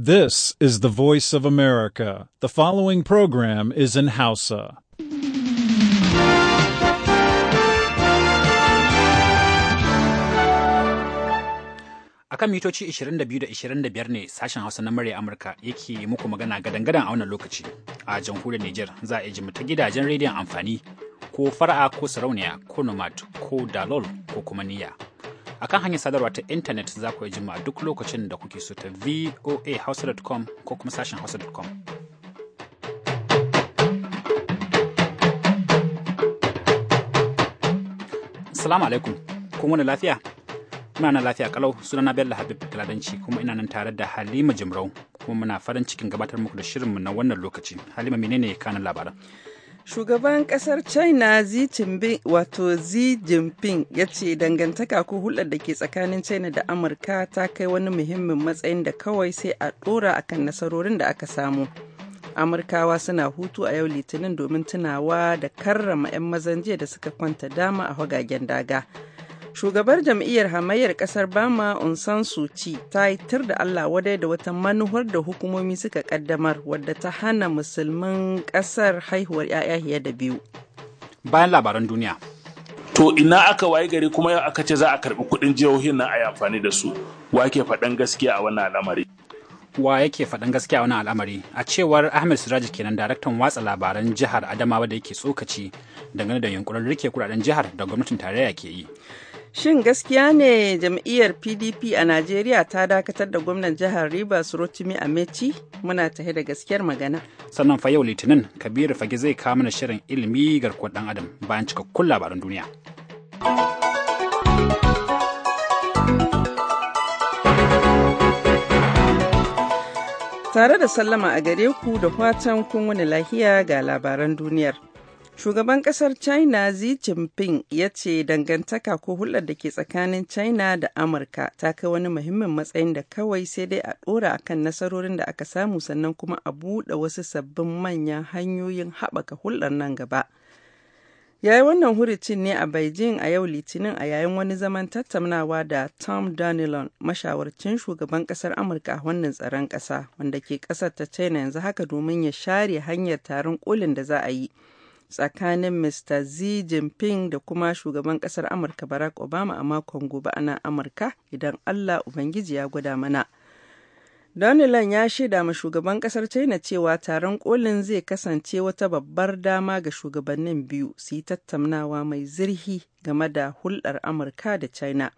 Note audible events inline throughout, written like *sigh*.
This is the voice of America. The following program is in Hausa. A kan mitoci 22 da 25 ne sashen Hausa na murya Amurka yake muku magana gadan-gadan a wannan lokaci. A jamhuriyar Nijar za a ji ta gidajen rediyon amfani ko far'a ko sarauniya ko nomad ko dalol ko kuma niyya. akan hanyar sadarwa ta intanet za ku jima duk lokacin da kuke so ta voahouse.com ko kuma sashen hausa.com Assalamu alaikum, kun wani lafiya? Muna nan lafiya kalau sunana Bello Habib Galadanci kuma ina nan tare da Halima Jimrau kuma muna farin cikin gabatar muku da shirinmu na wannan lokaci. Halima menene kanan labaran? Shugaban kasar China Xi Jinping wato Xi Jinping ya ce dangantaka ko hulɗar da ke tsakanin China da Amurka ta kai wani muhimmin matsayin da kawai sai a ɗora a kan nasarorin da aka samu. Amurkawa suna hutu a yau Litinin domin tunawa da karrama 'yan mazan jiya da suka kwanta dama a hagagen daga. shugabar jam'iyyar hamayyar kasar bama unsan suci ta yi tir da allah wadai da wata manuwar da hukumomi suka kaddamar wadda ta hana musulmin kasar haihuwar 'ya'ya fiye da biyu bayan labaran duniya to ina aka waye gari kuma yau aka ce za a karbi kudin jihohin nan a yi amfani da su wa ke faɗan gaskiya a wannan al'amari wa yake faɗan gaskiya a wannan al'amari a cewar ahmed siraji kenan daraktan watsa labaran jihar adamawa da yake tsokaci dangane da yunkurin rike kudaden jihar da gwamnatin tarayya ke yi Shin gaskiya ne jam'iyyar PDP a Najeriya ta dakatar da gwamnan jihar Rivers Rotimi Amechi? Muna tahe da gaskiyar magana. Sannan fa yau Litinin Kabiru Fage zai kawo mana shirin ilimi garkuwar ɗan Adam bayan cikakkun labaran duniya. Tare da sallama a gare ku da fatan kun wani lahiya ga labaran duniyar. Shugaban kasar China Xi Jinping ya ce dangantaka ko hulɗar da ke tsakanin China da Amurka ta kai wani muhimmin matsayin da kawai sai dai a ɗora akan nasarorin da aka samu sannan kuma a buɗe wasu sabbin manyan hanyoyin haɓaka hulɗar nan gaba. Ya yi wannan huricin ne a Beijing a yau Litinin a yayin wani zaman tattaunawa da Tom Donilon, mashawarcin shugaban kasar Amurka a wannan tsaron kasa wanda ke kasar ta China yanzu haka domin ya share hanyar taron kolin da za a yi. tsakanin Mr. Xi Jinping da kuma shugaban ƙasar Amurka Barack Obama a makon gobe a Amurka idan Allah Ubangiji ya gwada mana. Donilan ya shaida ma shugaban kasar China cewa taron kolin zai kasance wata babbar dama ga shugabannin biyu su yi tattaunawa mai zirhi game da hulɗar Amurka da China.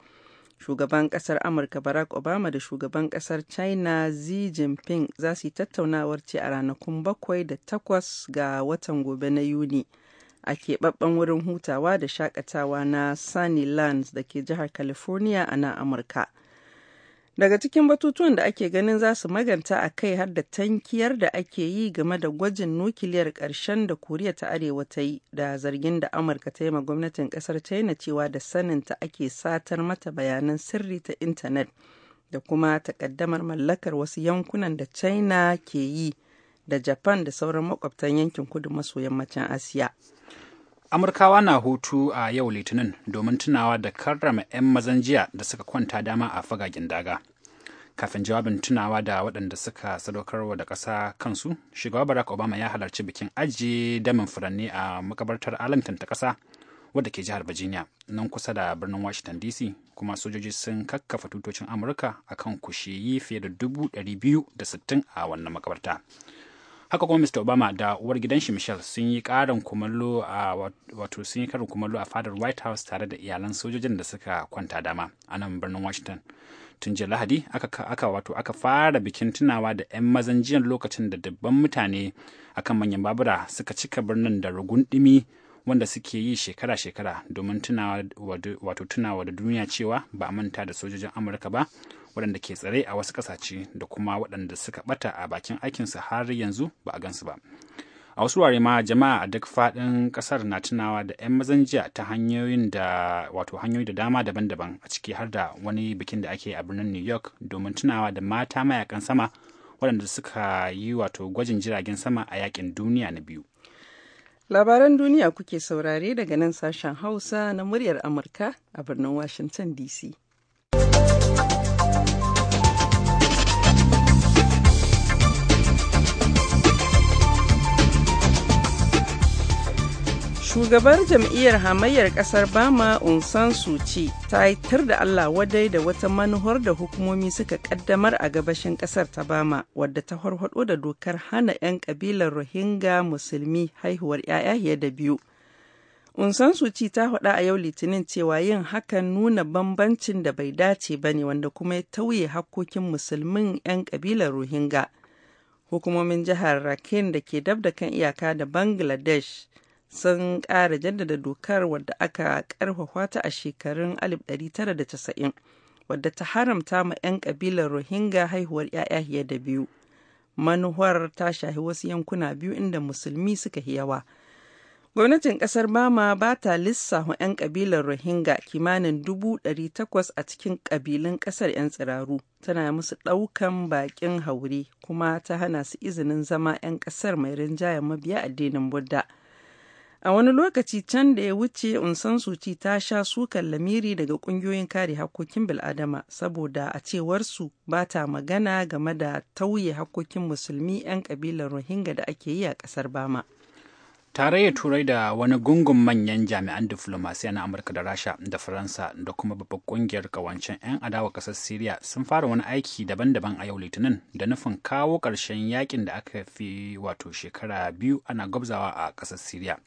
shugaban kasar amurka barack obama da shugaban kasar china xi jinping za su yi tattaunawar ce a ranakun bakwai da takwas ga watan gobe na yuni a keɓaɓɓen wurin hutawa da shakatawa na sunnylands da ke jihar california a nan amurka Daga cikin batutuwan da ake ganin za su maganta a kai har da tankiyar da ake yi game da gwajin nukiliyar ƙarshen da Koriya ta Arewa ta yi da zargin da Amurka ta yi ma gwamnatin ƙasar China cewa da saninta ake satar mata bayanan sirri ta intanet da kuma takaddamar mallakar wasu yankunan da China ke yi da Japan da sauran makwabtan yankin kudu maso yammacin Asiya. Amurkawa na hutu a yau Litinin domin tunawa da karrama 'yan mazan jiya da suka kwanta dama a fagagen daga. Kafin jawabin tunawa da waɗanda suka sadaukarwa da ƙasa kansu, shugaba Barack Obama ya halarci bikin ajiye damin furanni a makabartar Arlington ta ƙasa wadda ke jihar Virginia, nan kusa da birnin Washington DC, kuma sojoji sun kakkafa tutocin Amurka akan kushiyi fiye da dubu ɗari biyu da sittin a wannan makabarta. haka kuma mr obama da uwar gidan shi michelle sun yi karin kumallo a wato sun yi karin kumallo a fadar white house tare da iyalan sojojin da suka kwanta dama a nan birnin washington tun jiya lahadi aka, wato aka fara bikin tunawa da 'yan mazan jiyan lokacin da dubban mutane akan manyan babura suka cika birnin da rugun dimi wanda suke yi shekara-shekara domin tunawa wato tunawa da duniya cewa ba a manta da sojojin amurka ba waɗanda ke tsare a wasu ƙasashe da kuma waɗanda suka ɓata a bakin aikinsu har yanzu ba a gansu ba a wasu wurare ma jama'a a duk faɗin ƙasar na tunawa da 'yan mazanjiya ta hanyoyin da wato hanyoyi da dama daban-daban a ciki har da wani bikin da ake a birnin new york domin tunawa da mata mayakan sama waɗanda suka yi wato gwajin jiragen sama a yakin duniya na biyu labaran duniya kuke saurare daga nan sashen hausa na muryar amurka a birnin washington dc shugabar jam'iyyar hamayyar kasar bama unsan suci ta yi tar da allah wadai da wata manuhar da hukumomi suka kaddamar a gabashin kasar ta bama wadda ta harhaɗo da dokar hana 'yan kabilar rohingya musulmi haihuwar 'ya'ya fiye da biyu unsan suci ta faɗa a yau litinin cewa yin hakan nuna bambancin da bai dace ba ne wanda kuma ya tauye hakkokin musulmin 'yan kabilar rohingya hukumomin jihar rakhine da ke dab da kan iyaka da bangladesh sun ƙara jaddada dokar wadda aka ƙarfafa ta a shekarun 1990 wadda ta haramta ma 'yan ƙabilar rohingya haihuwar 'ya'ya fiye da biyu manuwar ta shahi wasu yankuna biyu inda musulmi suka yawa. gwamnatin ƙasar bama ba ta lissafa 'yan kabilar rohingya kimanin 800 a cikin ƙabilun ƙasar 'yan tsiraru tana musu ɗaukan baƙin haure kuma ta hana su izinin zama 'yan ƙasar mai rinjayen mabiya addinin budda A wani lokaci can da ya wuce Unsan Suci ta sha sukan lamiri daga kungiyoyin kare hakokin bil'adama saboda a cewarsu ba ta magana game da tauye hakokin musulmi 'yan kabilar Rohingya da ake yi a kasar Bama. tarayyar turai da wani gungun manyan jami'an diflomasiya na amurka da rasha da faransa da kuma babbar kungiyar kawancin 'yan adawa kasar syria sun fara wani aiki daban-daban a yau litinin da nufin kawo ƙarshen yakin da aka fi wato shekara biyu ana gwabzawa a kasar syria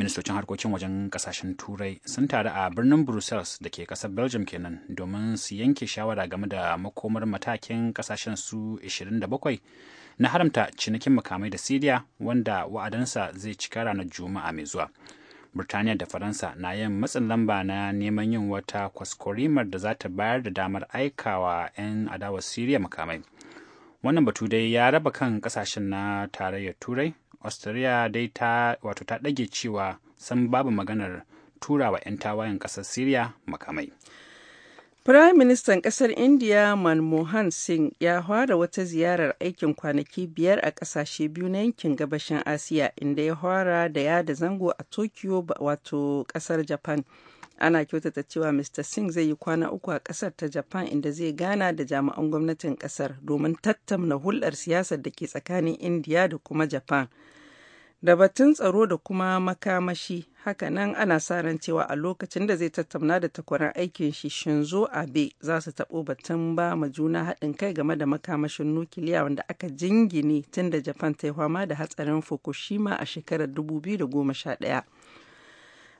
ministocin harkokin wajen kasashen turai sun taru a birnin brussels da ke kasar belgium kenan domin su yanke shawara game da makomar matakin kasashen su 27 na haramta cinikin makamai da siriya wanda wa'adansa zai cika ranar juma'a mai zuwa Birtaniya da Faransa na yin matsin lamba na neman yin wata kwaskorimar da za ta bayar da damar aikawa 'yan adawar Siriya makamai. Wannan batu dai ya raba kan kasashen na tarayyar Turai Australia dai ta wato ta ɗage cewa san babu maganar turawa 'yan tawayen ƙasar Syria makamai. Firayim Ministan ƙasar India Manmohan Singh ya fara wata ziyarar aikin kwanaki biyar a ƙasashe biyu na yankin gabashin Asiya inda ya fara da yada zango a Tokyo wato ƙasar Japan. ana kyautata cewa mr singh zai yi kwana uku a kasar ta japan inda zai gana da jami'an gwamnatin kasar domin tattauna hulɗar siyasar da ke tsakanin indiya da kuma japan da batun tsaro da kuma makamashi haka nan ana sa ran cewa a lokacin da zai tattauna da takwaran aikin shi shinzo abe za su taɓo batun ba ma juna haɗin kai game da makamashin nukiliya wanda aka jingine tun da japan ta yi fama da hatsarin fukushima a shekarar 2011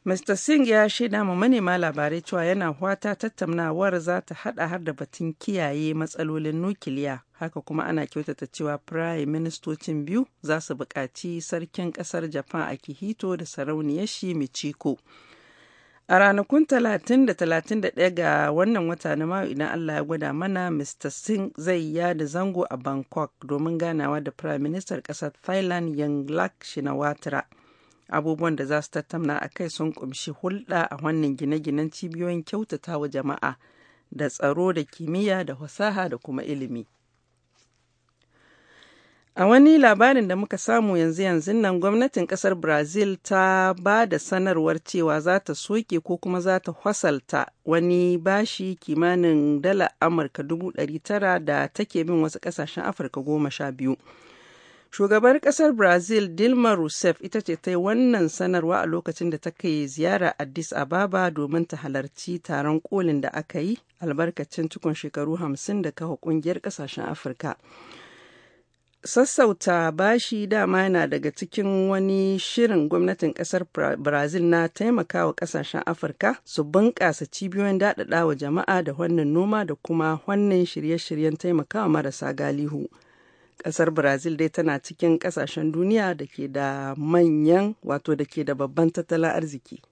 Mr. Singh ya shaida ma manema labarai cewa yana wata tattaunawar za ta hada har da batun kiyaye matsalolin nukiliya. Haka kuma ana kyautata cewa Prime Ministocin biyu za su buƙaci sarkin ƙasar Japan a Kihito da sarauniyar shi Michiko. A ranakun 30 da 31 ga wannan wata na Mayu idan Allah ya gwada mana Mr. Singh zai yada zango a Bangkok domin ganawa da Prime Minister ƙasar Thailand Yanglak Shinawatra. abubuwan da za su tattauna a kai sun kumshi hulɗa a wannan gine-ginen cibiyoyin kyautata wa jama'a da tsaro da kimiyya da fasaha da kuma ilimi a wani labarin da muka samu yanzu yanzu nan gwamnatin kasar brazil ta ba da sanarwar cewa za ta soke ko kuma za ta hwasalta wani bashi kimanin dala amurka 900 da take bin wasu kasashen afirka goma sha biyu Shugabar kasar Brazil Dilma Rousseff ita ce ta yi wannan sanarwa a lokacin da ta kai ziyara Addis Ababa domin ta halarci taron kolin da aka yi albarkacin cikon shekaru 50 da kawo kungiyar kasashen Afirka. Sassauta bashi dama yana daga cikin wani shirin gwamnatin kasar Brazil na taimakawa kasashen Afirka su bunƙasa cibiyoyin daɗaɗawa jama'a da wannan noma da kuma wannan shirye-shiryen taimakawa marasa galihu. kasar brazil dai tana cikin kasashen duniya da ke da manyan wato da ke da babban tattalin arziki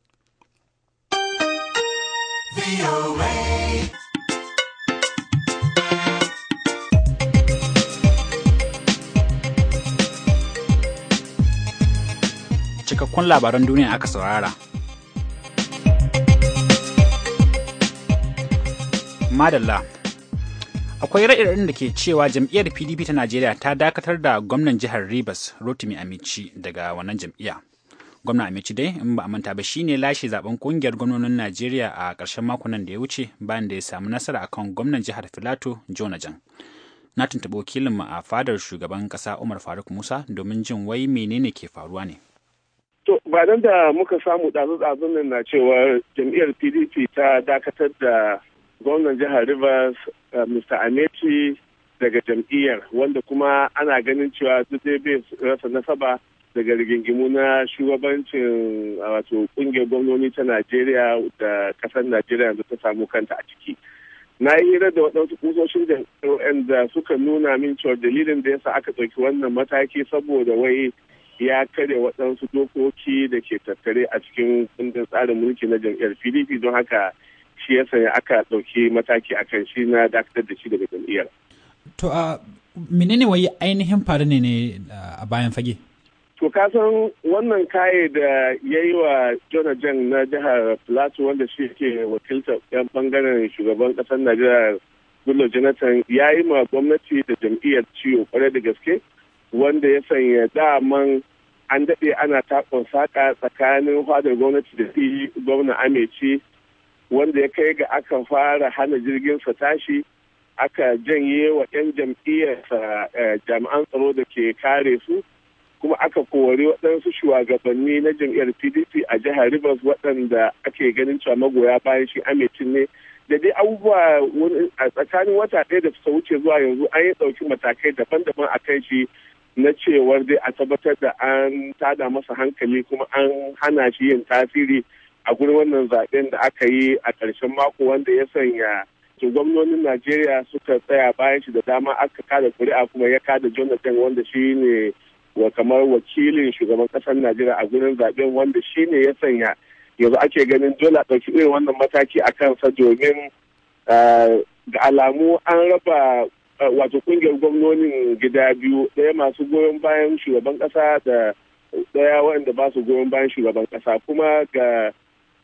cikakkun labaran duniya aka saurara madalla akwai ra'irin da ke cewa jam'iyyar pdp ta najeriya ta dakatar da gwamnan jihar rivers rotimi amici daga wannan jam'iyya gwamnan amici dai in ba a manta ba shine lashe zaben kungiyar gwamnonin najeriya a ƙarshen makon nan da ya wuce bayan da ya samu nasara akan gwamnan jihar filato jonajan na tuntuɓi wakilinmu a fadar shugaban ƙasa umar faruk musa domin jin wai menene ke faruwa ne To, ba nan da muka samu ɗazu-ɗazun nan na cewa jam'iyyar PDP ta dakatar da gwamnan jihar rivers uh, mr anechi daga jam'iyyar wanda kuma ana ganin cewa duk dai bai rasa nasaba daga rigingimu na shugabancin uh, wato kungiyar gwamnoni ta najeriya da kasar najeriya yanzu ta samu kanta a ciki na yi hira da waɗansu kusoshin da da suka nuna min cewa dalilin da yasa aka ɗauki wannan mataki saboda wai ya kare waɗansu dokoki da ke tattare a cikin kundin tsarin mulki na jam'iyyar pdp don haka shi ya sanya aka ɗauki mataki a kan shi na dakatar da shi daga jam'iyyar. To a menene wai ainihin faru ne ne a bayan fage? To ka san wannan kaye da ya yi wa Jona na jihar Plateau wanda shi ke wakiltar 'yan bangaren shugaban ƙasar Najeriya Bello Jonathan ya yi ma gwamnati da jam'iyyar ciwo kwarai da gaske wanda ya sanya daman an daɗe ana takon saƙa tsakanin fadar gwamnati da fi gwamna ameci wanda ya kai ga aka fara hana jirgin sa tashi aka janye wa 'yan jam'iyyarsa eh, jami'an tsaro da ke kare su kuma aka kori waɗansu shugabanni na jam'iyyar pdp a jihar rivers waɗanda ake ganin cewa magoya bayan shi amincin ne da dai abubuwa a tsakanin wata ɗaya da suka wuce zuwa yanzu an yi ɗauki matakai daban-daban a kan shi na cewar dai a tabbatar da an tada masa hankali kuma an hana shi yin tasiri a gurin wannan zaɓen da aka yi a ƙarshen mako wanda ya sanya to gwamnonin Najeriya suka tsaya bayan shi da dama aka kada kuri'a kuma ya kada Jonathan wanda shi ne wa kamar wakilin shugaban ƙasar Najeriya a gurin zaɓen wanda shi ne ya sanya yanzu ake ganin dole a ɗauki irin wannan mataki a kansa domin ga alamu an raba wato kungiyar gwamnonin gida biyu ɗaya masu goyon bayan shugaban ƙasa da ɗaya wanda ba su goyon bayan shugaban ƙasa kuma ga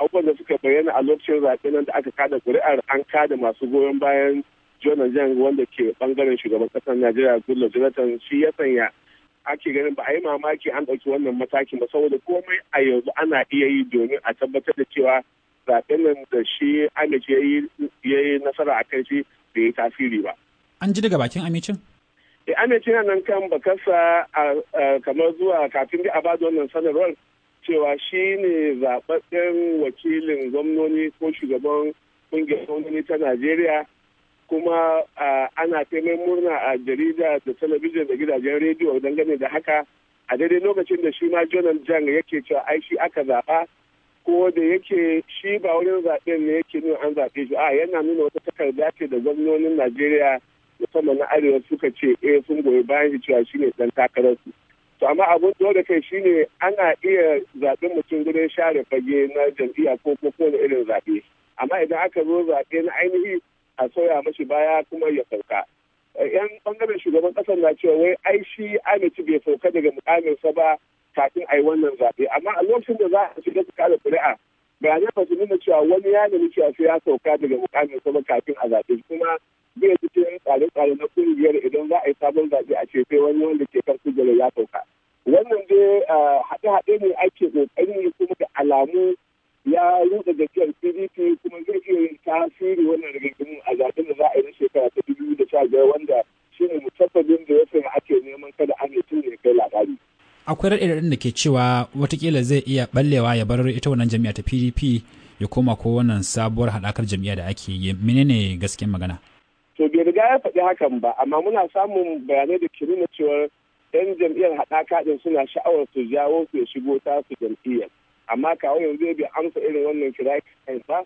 abubuwan da suka bayyana a lokacin zaɓe nan da aka kada ƙuri'ar an kada masu goyon bayan jonah jan wanda ke bangaren shugaban ƙasar najeriya gullo jonathan shi ya sanya ake ganin ba a yi mamaki an ɗauki wannan matakin ba saboda komai a yanzu ana iya yi domin a tabbatar da cewa zaɓen nan da shi amici ya yi nasara a kan shi da ya tasiri ba. An ji daga bakin amicin? Eh, amicin nan kan bakarsa kamar zuwa kafin da a bada wannan sanarwar cewa shi ne zaɓaɓɓen wakilin gwamnoni ko shugaban ƙungiyar gwamnoni ta najeriya kuma ana ta murna a jarida da talabijin da gidajen rediyo dangane da haka a daidai lokacin da shi ma jonan jang yake cewa ai shi aka zaɓa ko da yake shi ba wurin zaɓen ne yake nuna an zaɓe shi a yana nuna wata takarda ce da gwamnonin najeriya musamman na arewa suka ce eh sun goyi bayan shi cewa shi ne ɗan takararsu to amma abun dole kai shine ana iya zaɓen mutum gudun share fage na jam'iyya ko ko kowane irin zaɓe amma idan aka zo zaɓe na ainihi a soya mashi baya kuma ya sauka yan bangaren shugaban ƙasar na cewa wai ai shi ci bai sauka daga mukaminsa ba kafin a yi wannan zaɓe amma a lokacin da za a shiga su kada kuri'a bayanai ba su nuna cewa wani ya nemi cewa sai ya sauka daga mukaminsa ba kafin a zaɓe kuma zai ji cikin tsare-tsare na kungiyar idan za a yi sabon zaɓe a ce wani wanda ke kan kujerar ya sauka wannan dai haɗe-haɗe ne ake ƙoƙari kuma da alamu ya rutsa gajiyar pdp kuma zai iya yin tasiri wannan rigingimu a zaɓen da za a yi na shekara ta dubu da sha biyar wanda shi ne musabbabin da ya sanya ake neman kada an tun ya kai labari. akwai raɗe da ke cewa watakila zai iya ɓallewa ya bar ita wannan jami'a ta pdp ya koma ko wannan sabuwar haɗakar jami'a da ake yi menene gasken magana. to bai riga ya faɗi hakan ba amma muna samun bayanai da kiri na cewar yan jam'iyyar haɗaka ɗin suna sha'awar su jawo su ya shigo su jam'iyyar amma kawo yanzu bai amsa irin wannan kira ba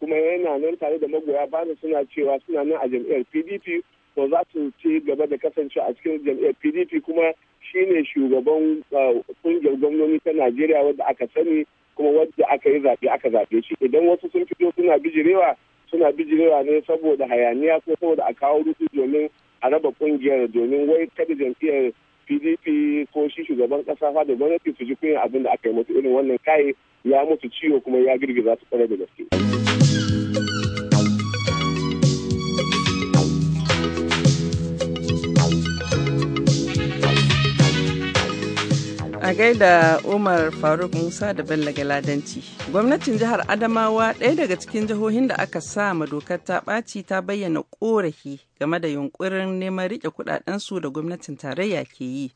kuma yana nan tare da magoya bana suna cewa suna nan a jam'iyyar pdp ko za su ci gaba da kasancewa a cikin jam'iyyar pdp kuma shine shugaban kungiyar uh, gwamnoni ta najeriya wadda aka sani kuma wadda aka yi zaɓe aka zaɓe shi idan wasu sun fito suna bijirewa suna bijirewa ne saboda hayaniya ko saboda a kawo rufi domin a raba kungiyar domin wai kada jam'iyyar pdp ko shi shugaban kasa fa da gwamnati su ji kunya abin da aka yi musu irin wannan kai ya mutu ciwo kuma ya girgiza su kwarai da gaske. A gaida Umar Faruk Musa da Bello Galadanci. Gwamnatin jihar Adamawa ɗaya daga cikin jihohin da aka sa ma dokar ta ɓaci ta bayyana ƙorafi game da yunƙurin neman riƙe kuɗaɗensu da gwamnatin tarayya ke yi.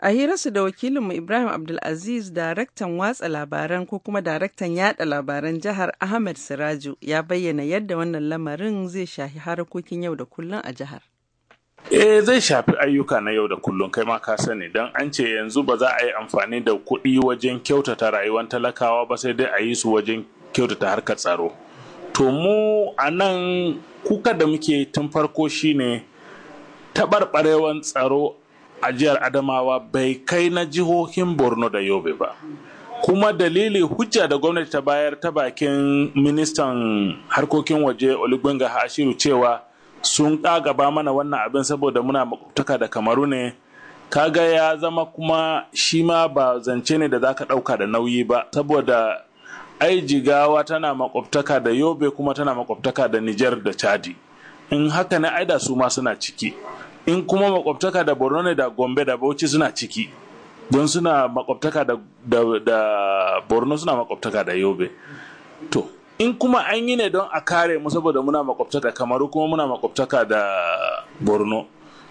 A hirarsu da wakilinmu Ibrahim Abdulaziz, daraktan watsa labaran ko kuma daraktan yada labaran jihar Ahmed Siraju ya bayyana yadda wannan lamarin zai shahi harkokin yau da kullum a jihar. Eh zai shafi ayyuka na yau da kullum kai ma ka sani don an ce yanzu ba za a yi amfani da kuɗi wajen kyautata rayuwar talakawa ba sai dai a yi su wajen kyautata harkar tsaro. To mu a nan kuka da muke tun farko shine taɓarɓarewar tsaro a jihar Adamawa bai kai na jihohin Borno da Yobe ba. Kuma dalili hujja da gwamnati ta bayar ta bakin ministan harkokin waje Olugbenga Hashiru cewa sun gaba mana wannan abin saboda muna makwabtaka da kamaru ne kaga ya zama kuma shi ma ba zance ne da za ka ɗauka da nauyi ba saboda ai jigawa tana makwabtaka da yobe kuma tana makwabtaka da nijar da chadi in haka ne aida da su ma suna ciki in kuma makwabtaka da borno ne da gombe da bauchi suna ciki don suna makwabtaka da, da borno suna makwabtaka da yobe to in kuma an yi ne don a kare mu saboda muna makwabtaka kamaru kuma muna makwabtaka da borno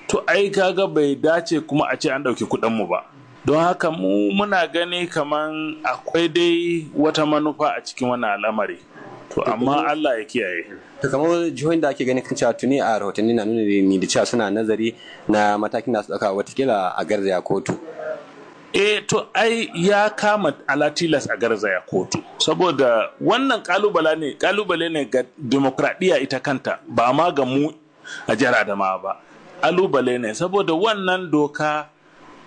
to ai kaga bai dace kuma a ce an ɗauki mu ba don haka mu muna gani kaman akwai dai wata manufa a cikin wannan al'amari to amma Allah ya kiyaye to kamar jihohin da ake gani kan cewa tuni a rahotanni na nuna ni da cewa suna nazari na matakin da su dauka watakila a garzaya kotu E, to ai ya kama alatilas a garzaya kotu saboda wannan kalubala ne kalubale ne ga demokradiyya ita kanta ba ma ga mu a jihar adama ba kalubale ne saboda wannan doka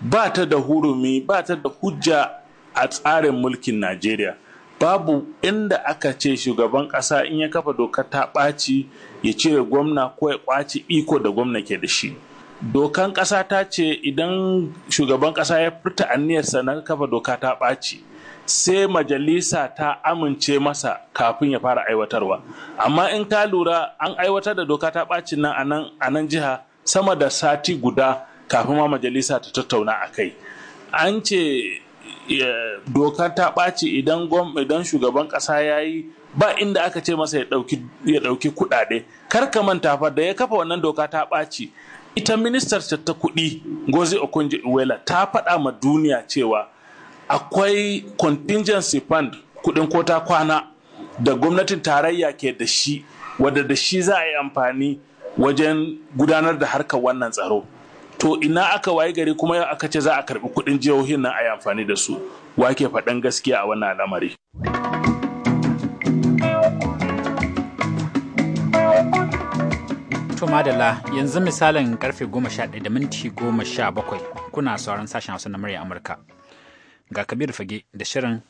ba ta da hurumi ba ta da hujja a tsarin mulkin najeriya babu inda aka ce shugaban ƙasa in ya kafa doka ta ɓaci ya cire gwamna ko ya ƙwaci iko da gwamna ke da shi dokan ƙasa ta ce idan shugaban ƙasa ya furta aniyarsa na kafa doka ta ɓaci sai majalisa ta amince masa kafin ya fara aiwatarwa amma in ka lura an aiwatar da doka ta ɓaci nan a nan jiha sama da sati guda kafin ma majalisa ta tattauna a kai an ce doka ta ɓaci idan shugaban ƙasa ya yi ba inda aka ce masa ya ɗauki kuɗaɗe kar ka manta fa da ya kafa wannan doka ta ɓaci ita ministar ta kuɗi gozi okonjo uwela ta faɗa ma duniya cewa akwai contingency fund kuɗin kota kwana da gwamnatin tarayya ke da shi wadda da shi za a yi amfani wajen gudanar da harkar wannan tsaro to ina aka waye gari kuma yau aka ce za a karbi kuɗin jihohin nan a yi amfani da su wake faɗin gaskiya a wannan al'amari. To madalla yanzu misalin karfe 11 da minti 17 kuna sauran sashen Hausa na murya Amurka. Ga Kabir Fage da shirin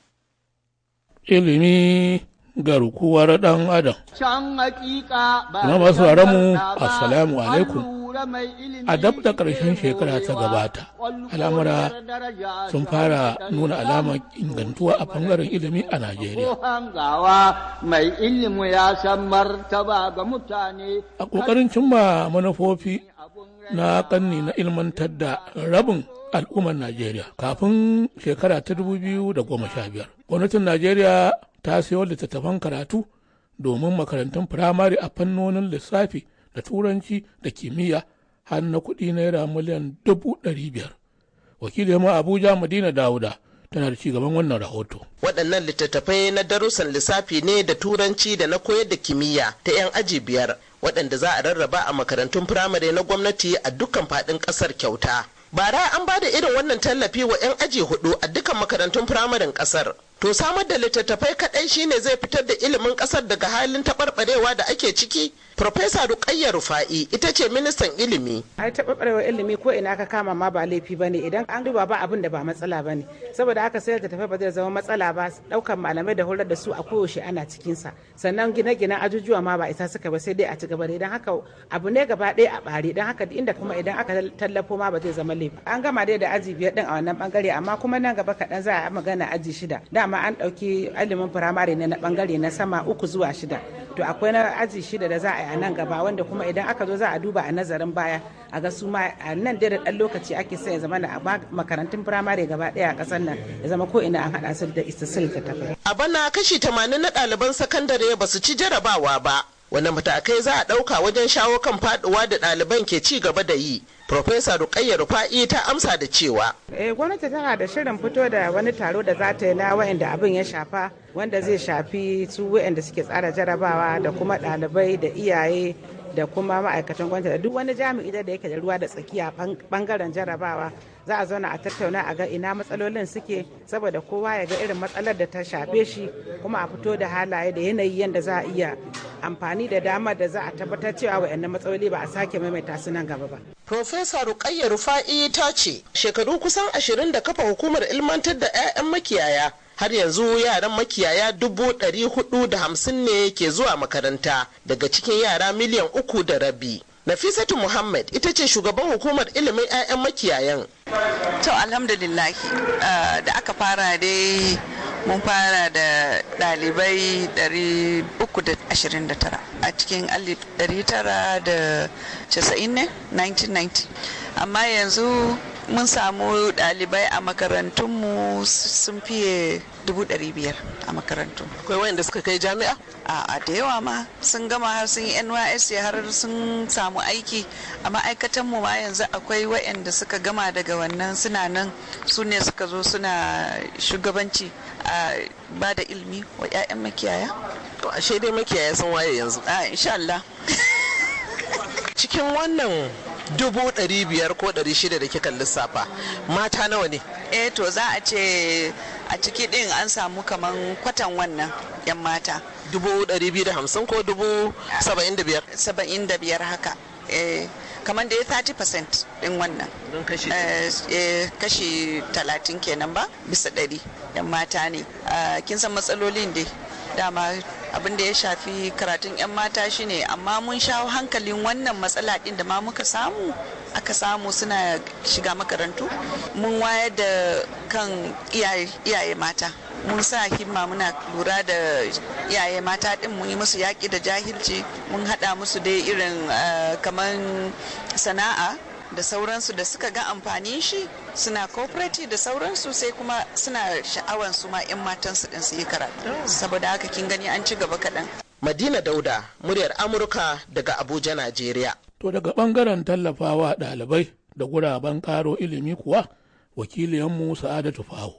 ilimi garkuwar ɗan adam. Kuma masu mu assalamu alaikum. A dab da ƙarshen shekara ta gabata, al'amura sun fara nuna alamar ingantuwa a ɓangaren ilimi a Najeriya. A ƙoƙarin cimma manufofi na kanni na ilmantar da rabin al'ummar Najeriya kafin shekara ta dubu biyu da goma sha biyar. Gwamnatin Najeriya ta sayo littattafan karatu domin makarantun firamare a fannonin lissafi da turanci da kimiyya har na kuɗi naira miliyan dubu ɗari biyar. Wakilin Abuja Madina Dawuda tana da cigaban wannan rahoto. Waɗannan littattafai na darussan lissafi ne da turanci da na koyar da kimiyya ta 'yan aji biyar waɗanda za a rarraba a makarantun firamare na gwamnati a dukkan faɗin ƙasar kyauta bara an ba da irin wannan tallafi wa 'yan aji hudu a dukkan makarantun firamaren ƙasar to samar da littattafai kaɗai shine zai fitar da ilimin ƙasar daga halin taɓarɓarewa da ake ciki Profesa Rukayya Rufa'i ita ce ministan ilimi. Ai taɓarɓarewa ilimi ko ina ka kama ma ba laifi bane idan an duba ba abin da ba matsala ne Saboda haka sai da tafi ba zai zama matsala ba ɗaukar malamai da horar da su a koyaushe ana cikin sa. Sannan gine-ginen ajujuwa ma ba isa suka ba sai dai a ci gaba idan haka abu ne gaba ɗaya a bare idan haka inda kuma idan aka tallafo ma ba zai zama laifi. An gama dai da aji biyar din a wannan bangare amma kuma nan gaba kaɗan za a magana aji shida. Dama dama an ɗauki ilimin firamare na bangare na sama uku zuwa shida to akwai na aji shida da za a yi a nan gaba wanda kuma idan aka zo za a duba a nazarin baya a ga su ma a nan da ɗan lokaci ake sai ya zama na makarantun firamare gaba ɗaya a ƙasar nan ya zama ko ina an haɗa su da istisil ta tafi. a bana kashi tamanin na ɗaliban sakandare ba su ci jarabawa ba wanda matakai za a ɗauka wajen shawo kan faduwa da ɗaliban ke ci gaba da yi Profesa Rukayya Rufa'i ta amsa da cewa. Eh gwamnati tana da shirin fito da wani taro da za ta yi na wa'anda abin ya shafa wanda zai shafi su wa'anda suke tsara jarabawa da kuma ɗalibai da iyaye da kuma ma'aikatan gwamnati da duk wani jami'i da yake da ruwa da tsakiya bangaren jarabawa za a zauna a tattauna a ga ina matsalolin suke saboda kowa ya ga irin matsalar da ta shafe shi kuma a fito da halaye da yanayi yadda za a iya amfani da damar da za a tabbatar cewa wayannan matsaloli ba a sake maimaita su nan gaba ba. Profesa Rukayya Rufa'i ta ce shekaru kusan ashirin da kafa hukumar ilmantar da 'ya'yan makiyaya har yanzu yaran makiyaya dubu ɗari hudu da hamsin ne ke zuwa makaranta daga cikin yara miliyan uku da rabi. Nafisatu Muhammad ita ce shugaban hukumar ilimin 'ya'yan makiyayan. To alhamdulillahi ah, da aka fara dai mun fara da ɗalibai 329 a cikin 1990 ne 1990 amma yanzu mun samu ɗalibai a makarantunmu sun fiye dubu ɗari biyar a makarantu. Akwai wayanda suka kai jami'a? A da yawa ma sun gama har sun yi nys har sun samu aiki a ma'aikatanmu ma yanzu akwai wayanda suka gama daga wannan suna nan su ne suka zo suna shugabanci a ba da ilimi wa 'ya'yan makiyaya. To ashe dai makiyaya sun waye yanzu. A insha Allah. Cikin wannan dubu ɗari biyar ko ɗari shida da kika lissafa mata nawa ne eh to za a ce a ciki ɗin an samu kaman kwatan wannan yan mata dubu ɗari biyu da hamsin ko dubu saba'in da biyar saba'in da biyar haka eh kamar da ya 30% ɗin wannan eh, eh, kashi talatin kenan ba bisa ɗari yan mata ne ah, kin san matsalolin dai dama abin da ya shafi karatun 'yan mata shine amma mun shawo hankalin wannan matsala ɗin da ma muka samu aka samu suna shiga makarantu mun wayar da kan iyaye mata mun sa himma muna lura da iyaye mata din mun yi musu yaƙi da jahilci mun haɗa musu dai irin eh, kamar sana'a da sauransu da suka ga amfani shi suna cooperative da sauransu sai kuma suna sha'awan su ma 'yan matansu din su yi karatu oh. saboda haka kin gani an ci gaba kaɗan. madina dauda muryar amurka daga abuja nigeria. to daga bangaren tallafawa ɗalibai da guraben karo ilimi kuwa wakiliyan musa sa'adatu fawo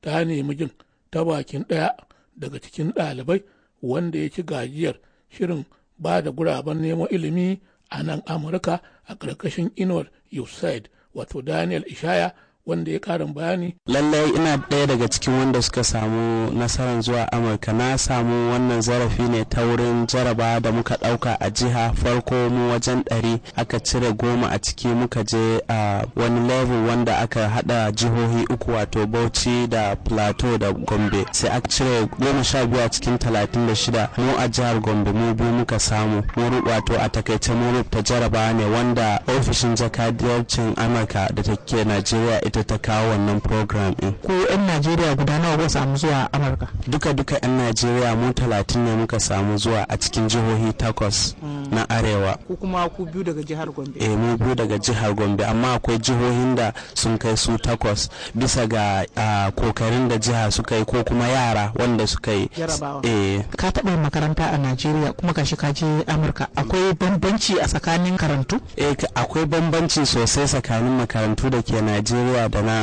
ta nemi jin ta bakin ɗaya daga cikin ɗalibai wanda ya ci gajiyar shirin ba da guraben nemo ilimi a nan amurka a ƙarƙashin inuwar usaid wato daniel ishaya wanda ya karin bayani. Lallai ina ɗaya daga cikin wanda suka samu nasarar zuwa Amurka na samu wannan zarafi ne ta wurin jaraba da muka ɗauka a jiha farko mu wajen ɗari aka cire goma a ciki muka je a wani level wanda aka haɗa jihohi uku wato Bauchi da Plateau da Gombe sai aka cire goma sha biyu a cikin talatin da shida mu a jihar Gombe mu biyu muka samu mu wato a takaice mu ta jaraba ne wanda ofishin cin Amurka da take Najeriya ita ita ta kawo wannan program din ko yan najeriya guda nawa ba samu zuwa amurka duka duka yan najeriya mu talatin ne muka samu zuwa a cikin jihohi takwas mm. na arewa ko kuma ku biyu daga jihar gombe eh mu biyu daga jihar gombe amma akwai jihohin da sun kai su takwas bisa ga kokarin da jiha suka yi ko kuma yara wanda suka yi eh ka taba makaranta a Najeriya kuma shi ka je Amurka akwai bambanci a tsakanin karantu eh akwai bambanci sosai tsakanin makarantu da ke Najeriya da na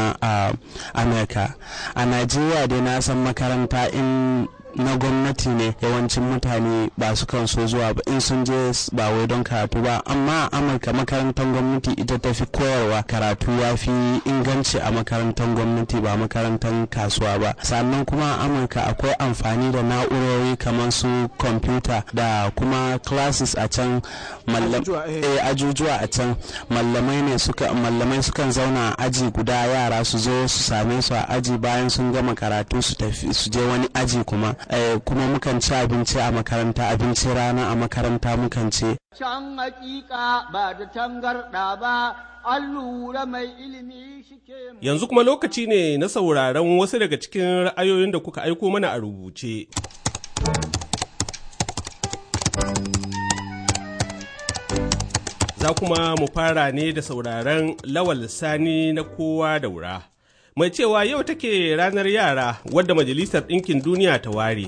Amurka a Najeriya dai na san makaranta in na gwamnati ne yawancin mutane ba su kan so zuwa ba in sun je ba wai don karatu ba amma a amurka makarantar gwamnati ita ta fi koyarwa karatu ya fi inganci a makarantar gwamnati ba makarantar kasuwa ba sannan kuma a amurka akwai amfani da na'urori kamar su kwamfuta da kuma classes a can eh. Eh, ajujuwa a can mallamai ne suka mallamai sukan zauna a aji guda yara su zo su same su a aji bayan sun gama karatu su su je wani aji kuma Eh, kuma mukan ci abinci a makaranta abinci rana a makaranta mukan ci Can hakika ba da tangarɗa ba, an lura mai ilimi shi ke Yanzu kuma lokaci ne na sauraron wasu daga cikin ra'ayoyin da kuka aiko mana a rubuce. Za kuma mu fara ne da sauraron lawal sani na kowa da wura. mai cewa yau take ranar yara wadda Majalisar Ɗinkin Duniya ta ware.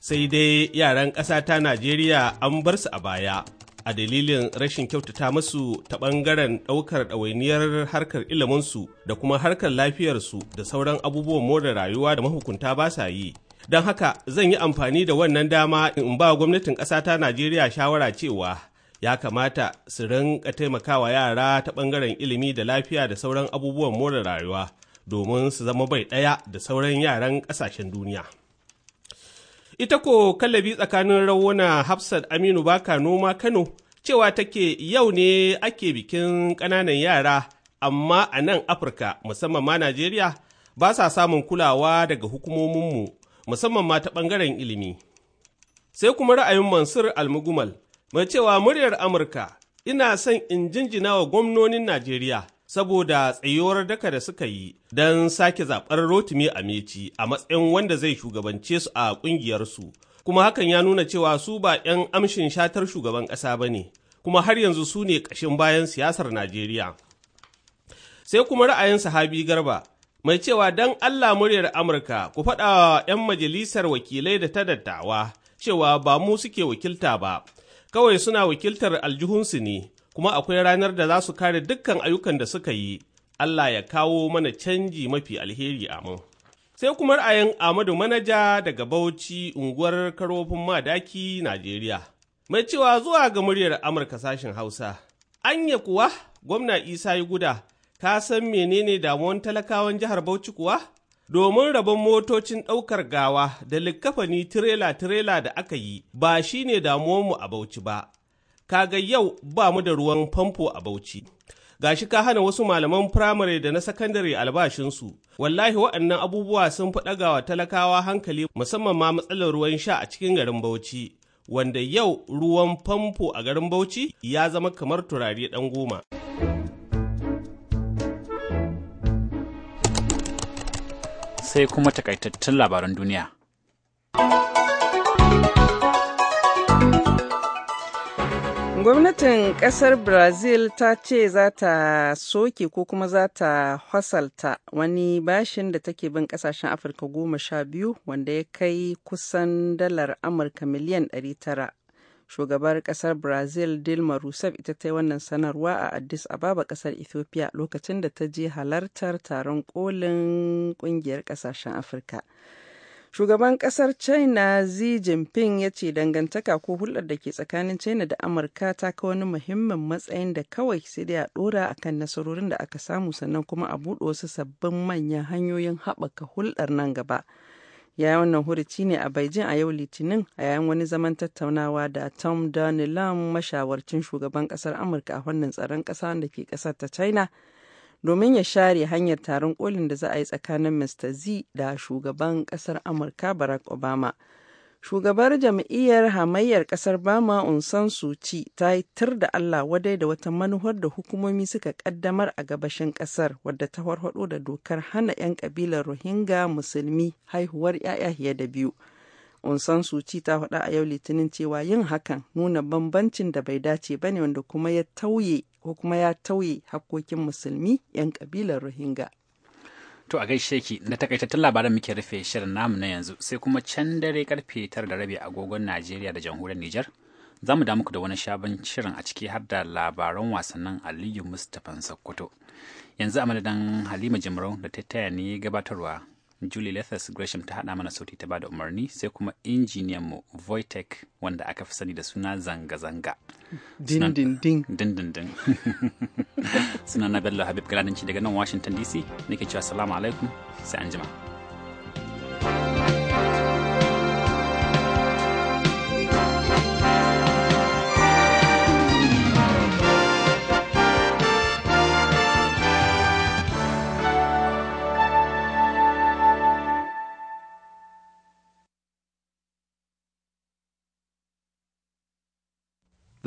Sai dai yaran ƙasa ta Najeriya an bar su a baya a dalilin rashin kyautata masu ta ɓangaren ɗaukar ɗawainiyar harkar iliminsu da kuma harkar lafiyarsu da sauran abubuwan more rayuwa da mahukunta ba sa yi. Don haka zan yi amfani da wannan dama in ba gwamnatin ƙasa ta Najeriya shawara cewa ya kamata su rinka taimakawa yara ta ɓangaren ilimi da lafiya da sauran abubuwan more rayuwa domin su zama bai ɗaya da sauran yaran ƙasashen duniya. Ita ko kallabi tsakanin rawuna Hafsat Aminu Baka Noma Kano cewa take yau ne ake bikin ƙananan yara amma a nan Afirka musamman ma Najeriya ba sa samun kulawa daga hukumominmu musamman ma ta ɓangaren ilimi. Sai kuma ra'ayin Mansur Almugumal mai cewa muryar Amurka ina son in jinjina wa gwamnonin Najeriya saboda tsayuwar daka da suka yi don sake zaɓar Rotimi a meci a matsayin wanda zai shugabance su a ƙungiyarsu, kuma hakan ya nuna cewa su ba 'yan amshin shatar shugaban ƙasa ba ne, kuma har yanzu su ne ƙashin bayan siyasar Najeriya. Sai kuma ra'ayin sahabi Garba, mai cewa don Allah muryar Amurka ku faɗa 'yan majalisar wakilai da ta dattawa cewa ba mu suke wakilta ba, kawai suna wakiltar aljihunsu ne. kuma akwai ranar da za su kare dukkan ayyukan da suka yi, Allah ya kawo mana canji mafi alheri amin. Sai kuma ra'ayin Amadu Manaja daga Bauchi unguwar Karofin Madaki, Najeriya. Mai cewa zuwa ga muryar Amurka sashen Hausa. Anya kuwa gwamna Isa yi guda, ka san menene damuwan talakawan jihar Bauchi kuwa? domin rabon motocin ɗaukar gawa da likkafani tirela-tirela da aka yi ba shi ne damuwanmu a Bauchi ba, kaga yau ba mu da ruwan famfo a Bauchi. Gashi ka hana wasu malaman firamare da na sakandare albashinsu, wallahi waɗannan abubuwa sun fi ɗagawa talakawa hankali musamman ma matsalar ruwan sha a cikin garin Bauchi, wanda yau ruwan famfo a garin Bauchi ya zama kamar turare ɗan goma. Sai kuma takaitattun labaran duniya. Gwamnatin ƙasar Brazil ta ce za ta soke ko kuma za ta hasalta wani bashin da take bin ƙasashen Afirka goma sha biyu wanda ya kai kusan dalar Amurka miliyan ɗari tara Shugabar ƙasar Brazil Dilma Rousseff ita ta yi wannan sanarwa a Addis Ababa ƙasar Ethiopia lokacin da ta je halartar taron kolin ƙungiyar ƙasashen Afirka. Shugaban kasar China Xi Jinping ya ce dangantaka ko hulɗar da ke tsakanin China da Amurka ta ka wani muhimmin matsayin da kawai sai dai a ɗora kan nasarorin da aka samu sannan kuma a buɗe wasu sabbin manyan hanyoyin haɓaka hulɗar nan gaba. Ya yi wannan hurici ne a Beijing a yau Litinin a yayin wani zaman tattaunawa da Tom Donilon mashawarcin shugaban kasar Amurka a wannan tsaron ƙasa da ke kasar ta China. domin ya share hanyar taron kolin da za a yi tsakanin Mr. Z da shugaban kasar Amurka Barack Obama. Shugabar jam'iyyar hamayyar kasar Bama Unsan Suci ta yi tur da Allah wadai da wata manuwar da hukumomi suka kaddamar a gabashin kasar wadda ta warhado da dokar hana 'yan kabilar Rohingya musulmi haihuwar 'ya'ya fiye da biyu. Unsan Suci ta faɗa a yau Litinin cewa yin hakan nuna bambancin da bai dace ba ne wanda kuma ya tauye ko kuma ya tauye hakkokin musulmi 'yan kabilar rohingya To a gaishe ki da takaitattun labaran muke rufe shirin namu na yanzu sai kuma can dare karfe tara da rabi agogon Najeriya da jamhuriyar Nijar. Za mu muku da wani sabon shirin a ciki har da labaran wasannin Aliyu Mustapha Sokoto. Yanzu a madadin Halima jimarau da ta taya ni gabatarwa Julie Lethes Gresham ta haɗa mana sauti ta bada umarni sai kuma injiniyan mu Voitech wanda aka fi sani da suna zanga-zanga. Din din din. *laughs* Suna na Bello Habib Galadanci daga nan Washington DC nake cewa salamu alaikum sai anjima.